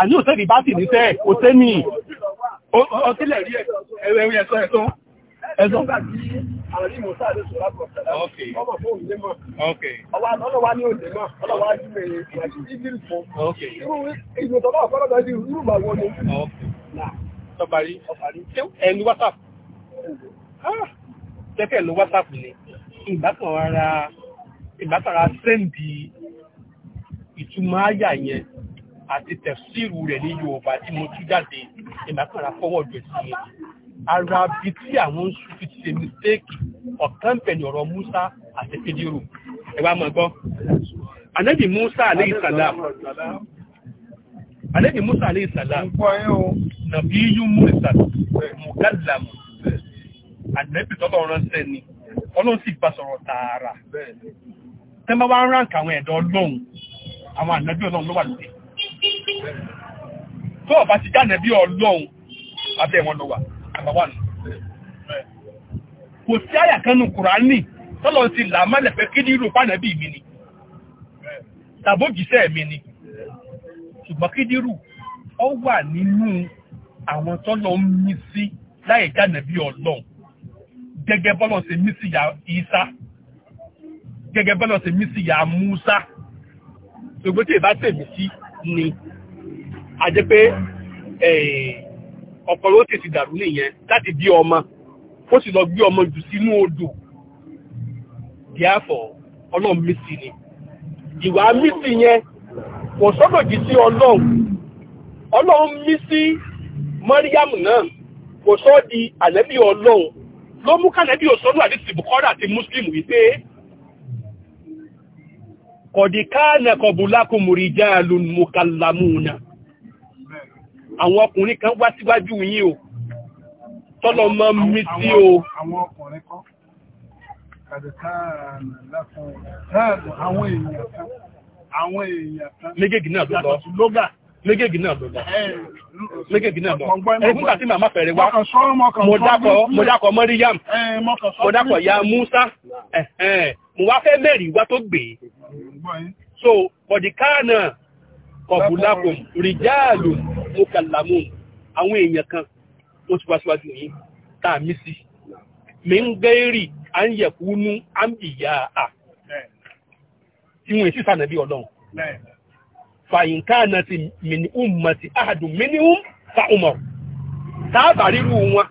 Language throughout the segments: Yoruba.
àní òtẹ́rì bá sì níṣẹ́ òtẹ́ ní ọtílẹ̀ rí ẹ̀rẹ̀ ẹ̀sọ́ ẹ̀sọ́ ẹ̀sọ́ ẹni whatsapp tẹ́fẹ́ ló whatsapp ni ìgbàtàn ara ìgbàtàn ara sẹ́ndì ìtumọ̀ àyà yẹn àti tẹ̀síìrù rẹ̀ ní Yorùbá tí mo tú jáde ìmọ̀kànlá fọwọ́dù ẹ̀sìn yẹn ara bíi tí àwọn ń fi ṣe mistake ọ̀kan pẹ̀lú ọ̀rọ̀ Musa àti Pédérò ẹ wá mọ̀ gbọ́ anabi Musa aleyhi salam anabi Musa aleyhi salam nàbí yú Musa mùgálàmù anabi tọ́lọ́ ránṣẹ́ ni ọlọ́run sì bá sọ̀rọ̀ tààrà tẹ́lẹ̀ wá ń ránkà àwọn ẹ̀dọ́ ọlọ́run àwọn anabi ọlọ́run ló wà lóde tó ọ̀bá ti jáde bí ọlọ́run abẹ́ wọn lọ wà àbáwọ̀n kò sí àyà kanú kùránì tọ́lọ ti là mọ́lẹ̀ pé kí ní irú pánàbí mi ni tàbójìṣẹ́ mi ni ṣùgbọ́n kí dírù ọ wà nínú àwọn tọ́lọ ń mí sí láì jáde bí ọlọ́run gẹ́gẹ́ bọ́lọ̀ sí mí sí ya Isa gẹ́gẹ́ bọ́lọ̀ sí mí sí ya Musa ṣùgbọ́n tí ìbá tèmi sí ni a jẹ́ pé ọ̀pọ̀ ló tètè dàrú nìyẹn láti bí ọmọ ó sì lọ gbé ọmọ jù sínú odò díàfọ̀ ọlọ́run mísì ni ìwà mísì yẹn kò sọ́dọ̀ jì sí ọlọ́run ọlọ́run mísì mọ́ríyàmù náà kò sọ́ di àlẹ́bí ọlọ́run ló mú kálẹ́bí òsọ́dọ̀ àdìsí bukọ́dà àti mùsùlùmù wípé kọ̀díkà nàkọ̀bùlákùnmùrìjà lùmùkàlàmùnà àwọn ọkùnrin kan wá síwájú yín o tọ́lọ mọ́ mi sí o àwọn ọkùnrin kan àwọn èèyàn kan àwọn èèyàn kan méjèèjì náà ló lọ méjèèjì náà ló lọ méjèèjì náà lọ ẹ̀kún tàbí màmá fẹ̀rẹ̀ wá mo dákọ̀ mọ́ríyàm mo dákọ̀ ya Musa mo wá fẹ́ mẹ́rin wá tó gbé so bọ̀dìkáà náà kọbùlákùn rìjáàlù mọ́kànlámùn àwọn èèyàn kan tó ti wáṣíwájú yìí tààmì sí mi ń gẹ́rì à ń yẹ̀kúnú à ń bìyà à tí wọ́n sì ọlọ́run fàyínká náà ti mìíràn mọ̀tí àdùn mìíràn fa umar táàbà ríru wọn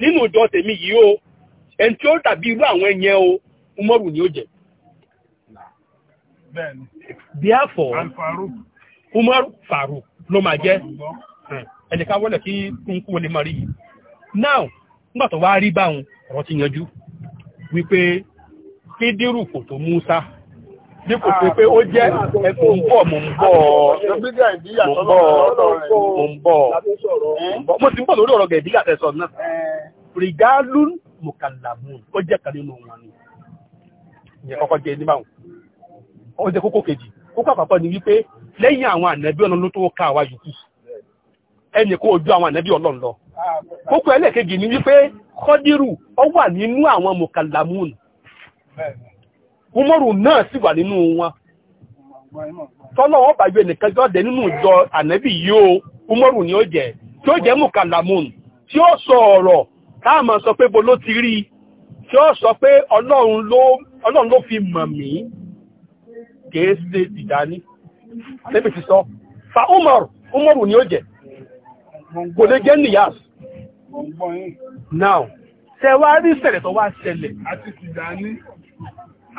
nínú ìjọ tèmi yìí o ẹni tí ó dàbí irú àwọn ẹ̀yẹ o umaru ni ó jẹ. Therefore, Umar Faru, ló máa jẹ́ ẹnìkan wọlé kí kúnkún wọlé máa yìí now nígbà tó wá rí báwọn ọ̀rọ̀ ti yanjú wípé kídírù kò tó Musa bí kò sí pé ó jẹ́ mò ń bọ̀ mò ń bọ̀ mò ń bọ̀ mò ń bọ̀ mo ti ń bọ̀ lórí ọ̀rọ̀ gẹ̀ẹ́dì àtẹ̀sọ̀ náà rìgálùn mùkàlàmùn ó jẹ́ kan nínú wọn ni ìyẹn jẹ́ nígbà wọn ó kejì kókó àpapọ̀ ni wípé lẹ́yìn àwọn ànẹ́bí ọ̀nà tó ká àwa yòókù kó ojú àwọn ànẹ́bí lọ kókó ẹlẹ́ẹ̀kejì wípé kọ́dírù ọ wà nínú àwọn mùkàlámùn umaru náà sì wà nínú wọn wọn nínú ìjọ ànẹ́bí umaru ni ó tí ó tí ó sọ bo ló ti rí sọ pé ọlọ́run ló fi mọ̀ mí kèé àlébì ti sọ fa umar umaru ni ó jẹ kò lè jẹ́ nìyàs now tẹ wá rí ṣẹlẹ̀ tó wá ṣẹlẹ̀ àti tìjàní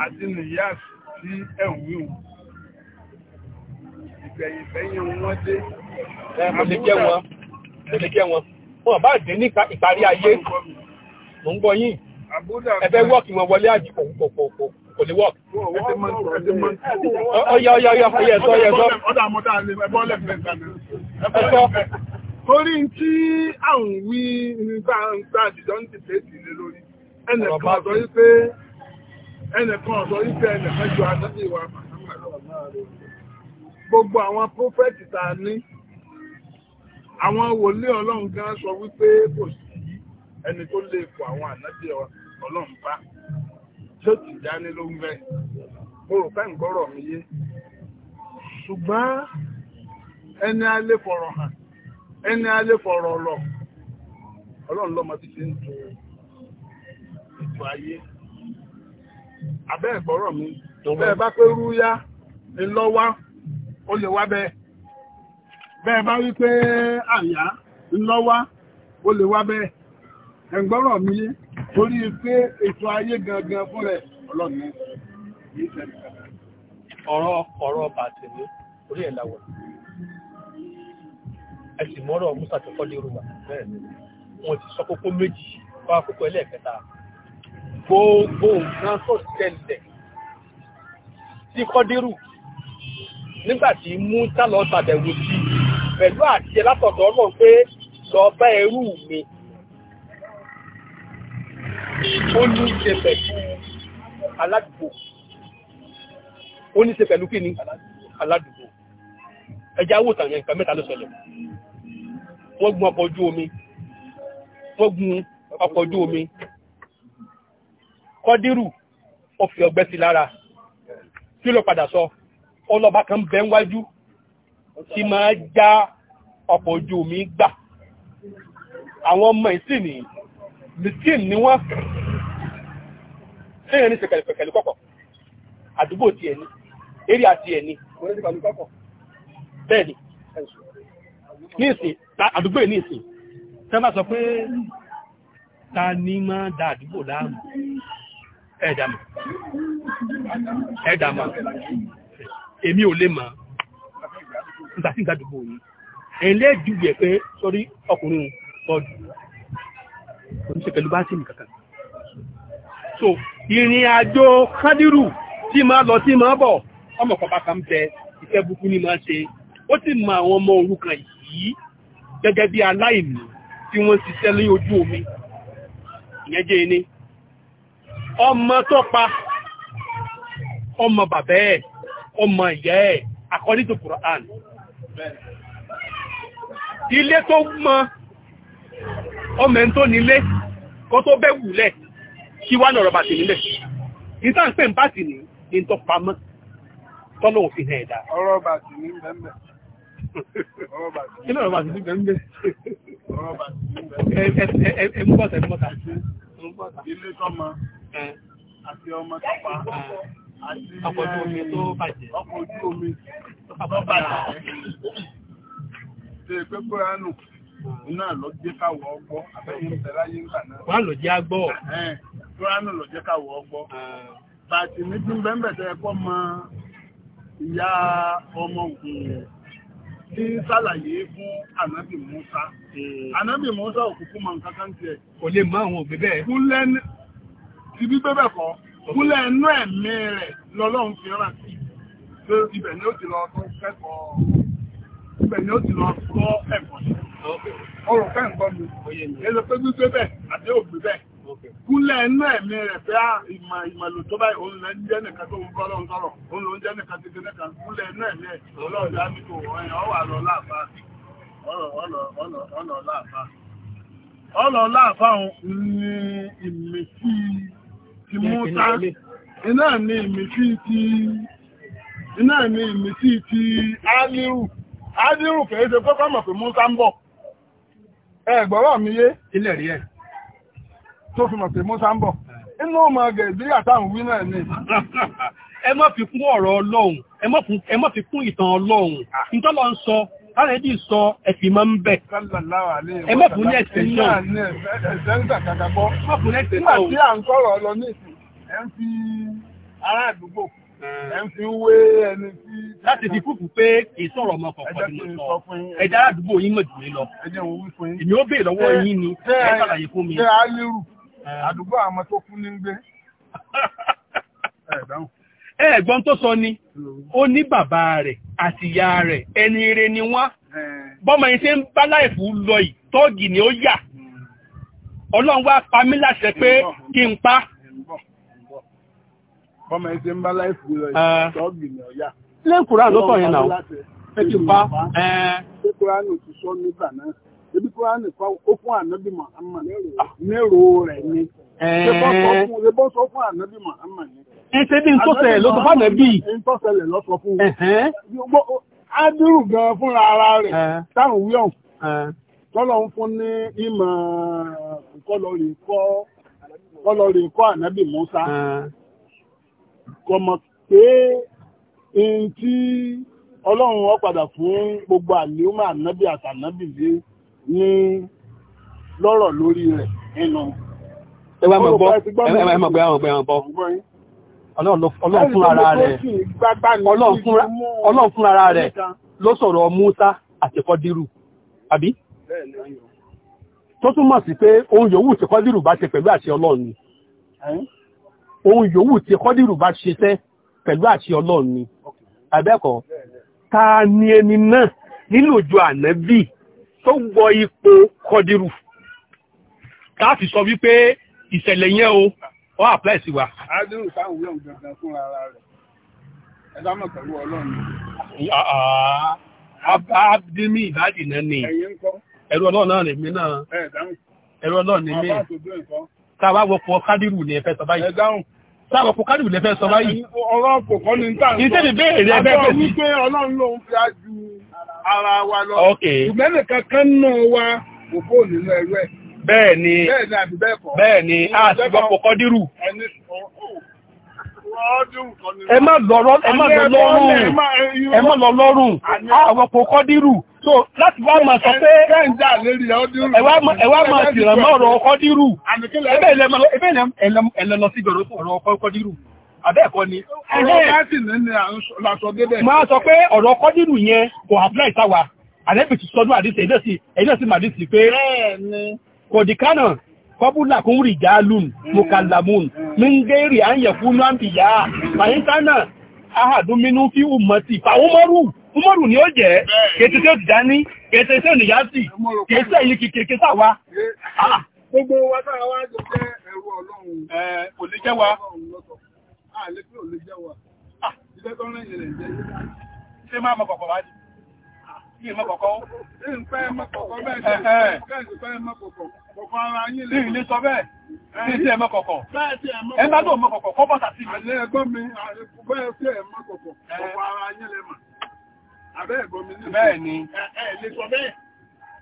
àti nìyàs tí ẹ̀wí o ìgbẹ̀yìnbẹ̀yìn wọn dé ẹ̀mọ̀lẹ́kẹ́ wọn wọn bá dé ní ìparí ayé mọ̀ ń gbọ́ yìí ẹ̀fẹ́ wọ́ọ̀kì wọn wọlé àjì pọ̀pọ̀pọ̀pọ̀ kò ní work. ọyọ ọyọ ọyọ ọyọ ẹsọ ọyọ ẹsọ. ọdọ àmọdá ni ẹbọ lẹfẹsẹ ni. ẹsọ. torí tí àwọn wí nígbà nígbà àjùjọ ń dìbò èsì lé lórí ẹnìkan ọ̀sọ́ yìí pé ẹnìkan ọ̀sọ́ yìí pé ẹnìkan ju àtẹ́lẹ̀ ìwà gbogbo àwọn prófẹ́tì tá ní àwọn wòlíì ọlọ́run gan sọ wípé kò sí ẹni tó lè kó àwọn ànábì ọlọ́run bá tó ti dání ló ń bẹ mo rò yé ṣùgbọ́n ẹni alẹ́ fọ̀rọ̀ hàn ẹni alẹ́ fọ̀rọ̀ lọ ọlọ́run lọ́mọ ti fi ń tu ètò ayé abẹ́ ìgbọ́rọ̀ mi bẹ́ẹ̀ bá pé rúyá ńlọ́wá ó lè wá bẹ́ẹ̀ bẹ́ẹ̀ bá wí pé lè wá torí pé ètò ayé gangan fún rẹ̀ ọlọ́ni ọ̀rọ̀ ọ̀rọ̀ bàtẹ̀lé orí ẹ̀ láwọ̀ ẹ̀sìn mọ́rọ̀ musa tó kọ́ lérò wà bẹ́ẹ̀ wọ́n ti sọ kókó méjì fún àkókò ẹlẹ́ẹ̀kẹta gbogbo nǹkan tó ṣẹlẹ̀ tí kọ́dérù nígbàtí musa lọ ṣàbẹ̀wò sí pẹ̀lú àti ẹlátọ̀dọ̀ ọlọ́run pé lọ bá ẹrú mi ó ní í ṣe pẹ̀lú aládùúgbò ó ní í ṣe pẹ̀lú kí ni aládùúgbò ẹja wò tàn yẹn nǹkan mẹ́ta ló ṣẹlẹ̀ wọ́n gun ọkọ̀ ojú omi wọ́n gun ọkọ̀ ojú omi kọ́dírù ó fi ọgbẹ́ sí lára kí ló padà sọ ọlọ́ba kan bẹ́ ń wájú tí máa já ọkọ̀ ojú omi gbà àwọn ọmọ ìsìn ní mìsìn ni wọ́n èèyàn ní ṣe pẹ̀lú kọ́kọ̀ àdúgbò ti ẹ̀ ní eré àti ẹ̀ ní bẹ́ẹ̀ ni ní ìsìn àdúgbò ní ìsìn tẹ́ bá sọ pé ta ní máa da àdúgbò láàmú ẹ̀dàmà ẹ̀dàmà èmi ò lè mọ̀ nígbà tí ìgbàdùgbò yìí ẹ̀lẹ́dùgbẹ̀ pé sọ́rí ọkùnrin bọ́ọ̀dù kò ní ṣe pẹ̀lú bá sí nìkankan so ìrìn àjò kádírù tí máa lọ tí máa bọ̀ ọmọ pàpà kan bẹ iṣẹ́ burúkú ni máa ṣe ó sì mọ àwọn ọmọ òrukàn yìí gẹ́gẹ́ bí aláìní tí wọ́n ṣiṣẹ́ ní ojú omi ìyẹn jẹ́ ẹni ọmọ tó pa ọmọ bàbá ẹ̀ ọmọ ìyá ẹ̀ according to Quran ilé tó mọ ọmọ ẹni tó nílé kó tó bẹ́ wùlẹ̀ kí wá lọ̀rọ̀ bàtì nílẹ̀ ìta ń pè ń bàtì ní ní tó pamọ́ tọ́lọ́wọ́ fi hàn ẹ̀dá. ọ̀rọ̀ bàtì ní bẹ́ẹ̀ kí lọ̀rọ̀ bàtì ní bẹ́ẹ̀ ẹ mú kúránù ló jẹ́ káwọ̀ ọgbọ́ bàtì ní tí ń bẹ́ẹ̀ tẹ́ ẹ̀kọ́ mọ ìyá ọmọ òkun tí ń sàlàyé fún ànábì Musa hmm. ànábì Musa òkùnkùn mọ nǹkan kan tiẹ̀. kò lè mọ àwọn òbí bẹ́ẹ̀. kúnlẹ̀ ti bí bẹ́ẹ̀ kọ́ kúnlẹ̀ inú ẹ̀mí rẹ̀ lọ́lọ́run fi ràn sí pé ibẹ̀ ni ó ti lọ tó kẹ́kọ̀ọ́ ibẹ̀ ni ó ti lọ tó ẹ̀kọ́ ọ̀rọ̀ fẹ́ nǹkan mi èlò pé gbígbé bẹ́ẹ̀ àti òbí bẹ́ẹ̀. kúnlẹ̀ inú ẹ̀mí rẹ̀ pé ah, ìmọ̀ ima tó báyìí òun lẹ́ ń jẹ́ nìkan tó ń bọ́lọ́ sọ̀rọ̀ òun ló ń jẹ́ nìkan títí nìkan kúnlẹ̀ inú ẹ̀mí mi lọ láàfáà ọ̀nà láàfáà ọ̀nà ni ìmìtì ti ni ìmìtì ti iná ìmìtì ti Áníhù Áníhù kìí pé kọ́mọ̀ pé ń bọ̀ tó fi mọ̀ pé Musa ń bọ̀ inú ọmọ Nàìjíríà táwọn wí náà ni. ẹ má fi kún ọ̀rọ̀ Ọlọ́run ẹ má fi kún ìtàn Ọlọ́run ntọ́lọ́ ń sọ alẹ́dì sọ ẹ̀fì máa ń bẹ̀. ẹ má fún ní náà. láti fi kúkú pé kì sọ̀rọ̀ ọmọ kọ̀ọ̀kan ni mo sọ ẹ̀dá àdúgbò yín mọ̀ jù mí lọ. èmi ó bèè lọ́wọ́ yín ni ẹ̀ Eh. àdúgbò àwọn tó kú ní gbé eh, eh, ẹ̀gbọ́n tó sọ ni ó ní bàbá rẹ̀ àti ìyá rẹ̀ ẹni ire ni wọ́n bọ́mọ yìí ṣe ń bá láìfù lọ yìí tọ́ọ̀gì ni ó yà hmm. ọlọ́run wá pa mí láṣẹ pé kí n pa. bọ́mọ yìí ṣe ń bá láìfù lọ yìí tọ́ọ̀gì ni ó yà. lẹ́kùnrin àlọ́kọ̀ yẹn náà ẹ ti pa. ṣé kúránù ti sọ nígbà náà ebi kura nìkan ó fún ànábì Muhammad mẹ́rọ ah, rẹ̀ ni ṣebọ́ sọ fún ànábì Muhammad ni. ẹ bí n tó ṣẹlẹ̀ ló sọ fún ànábì. n tó ṣẹlẹ̀ lọ sọ fún un. ádùrù gan fúnra ara rẹ̀ táwọn wíwọ̀n tọ́lọ̀ ń fún ní ìmọ̀ kọlọ̀rì kọ́ ànábì Musa kọmọ pé n tí ọlọ́run ó padà fún gbogbo àlíọ́mà ànábì àtànábì yìí ní lọ́rọ̀ lórí rẹ̀ ẹnu. ẹ wá mọ̀ gbọ́ ẹ wá mọ̀ gbọ́ ẹ wá mọ̀ gbọ́ ẹ wá mọ̀ gbọ́ ọlọ́run fún ara rẹ̀ ọlọ́run fún ara rẹ̀ ló sọ̀rọ̀ Musa àti Kọ́dírù àbí tó túmọ̀ sí pé ohun yòówù tí Kọ́dírù bá ṣe pẹ̀lú àṣẹ ọlọ́run ni ohun yòówù tí Kọ́dírù bá ṣe tẹ́ pẹ̀lú àṣẹ ọlọ́run ni àbẹ́kọ̀ọ́ ta ni ẹni náà nílò ju ànábì tó wọ ipò kọdìrù káàfi sọ wípé ìṣẹ̀lẹ̀ yẹn o ó àpláì sí wa. adúrú táwọn wíwọ̀n gbọ̀ngàn fúnra rẹ̀ ẹ bá mọ̀ pẹ̀lú ọlọ́run. Ah, ah, ah, abdimi ìbádìí náà ni ẹ̀rọ ọlọ́run náà lèmi náà ẹ̀rọ ọlọ́run ni mí táwa wọpọ̀ kádìrù ni ẹ fẹ́ sọ báyìí sáàbọ̀ kò kárìbì lẹ́fẹ́ sọ báyìí. ọ̀rọ̀ kò kọ́ ni ń tà ń sọ. bẹ́ẹ̀ rẹ̀ bẹ́ẹ̀ bẹ́ẹ̀ sí. ọlọ́run wípé ọlọ́run lòun fi á ara wa lọ ṣùgbọ́n nìkan kan náà wá òkú nínú ẹrú ẹ̀ bẹ́ẹ̀ ni bẹ́ẹ̀ ni a sì gbọ́pọ̀ kọ́dírù ẹ má lọ lọ́rùn ẹ má lọ lọ́rùn àwọ̀pọ̀ kọ́dírù so láti wá máa sọ pé ẹwà máa sì ràn mọ́ ọ̀rọ̀ kọ́dírù ẹbẹ́ ẹlẹ́lọ sí ọ̀rọ̀ kọ́dírù abẹ́ẹ̀kọ́ ni. ọ̀rọ̀ láti ní làṣọ débẹ̀. máa sọ pé ọ̀rọ̀ kọ́dìrù yẹn kò apply sáwà àlẹ́bì ti sọdún àdìsẹ̀ ẹ̀dẹ́ sí ẹ̀dẹ́ sí màdìsí pé kò dìkánà kọ́bùlà kún rí jálùn mọ̀kàlàmùn mìngẹ́rì àyẹ̀fúnú àbìyà pàyíntánà ahàdúnmínú fí umọ̀tì fàúmọ́rù umaru ni ó jẹ́ kẹtẹ́ tí ó ti dání kẹtẹ́ tí ó nìyá sí kẹsẹ́ yìí kìkẹ́kẹ́ sáwá gbogbo wa sáwá jẹ́ ẹ̀rọ ọlọ́run kò lè jẹ́ wa àlẹ́ ah, pé ò lè jẹ́ wa ìjẹ́ ah, tó rẹ̀ yẹ̀rẹ̀ jẹ́ ṣe máa mọ kọ̀kọ̀ wá ní ah, ìyẹn mọ kọ̀kọ̀ ní ìpẹ́ mọ kọ̀kọ̀ bẹ́ẹ̀ bẹ́ẹ̀ sì pẹ́ mọ kọ̀kọ̀ kọ̀kọ̀ ara yín lè ní sọ bẹ́ẹ̀ ní sí ẹmọ kọ̀kọ̀ ẹ bá tó mọ kọ̀kọ̀ kọ́ bọ́ta sí àlẹ́ ẹgbọ́n mi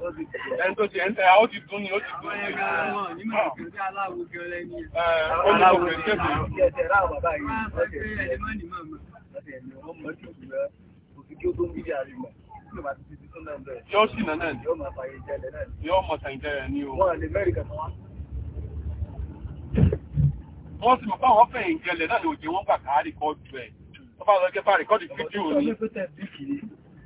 ẹni tó ti ẹ̀ntẹ́ ó ti dún ní ó ti dún ní Yóò sì nà náà yóò mọ̀ tàìjẹ́rẹ̀ ní o. Wọ́n sì mọ̀ fáwọn fẹ́ ìjẹlẹ̀ náà lè òjì wọ́n gbà káà rìkọ́dù ẹ̀. Wọ́n bá lọ gẹ́fà rìkọ́dù fídíò ní.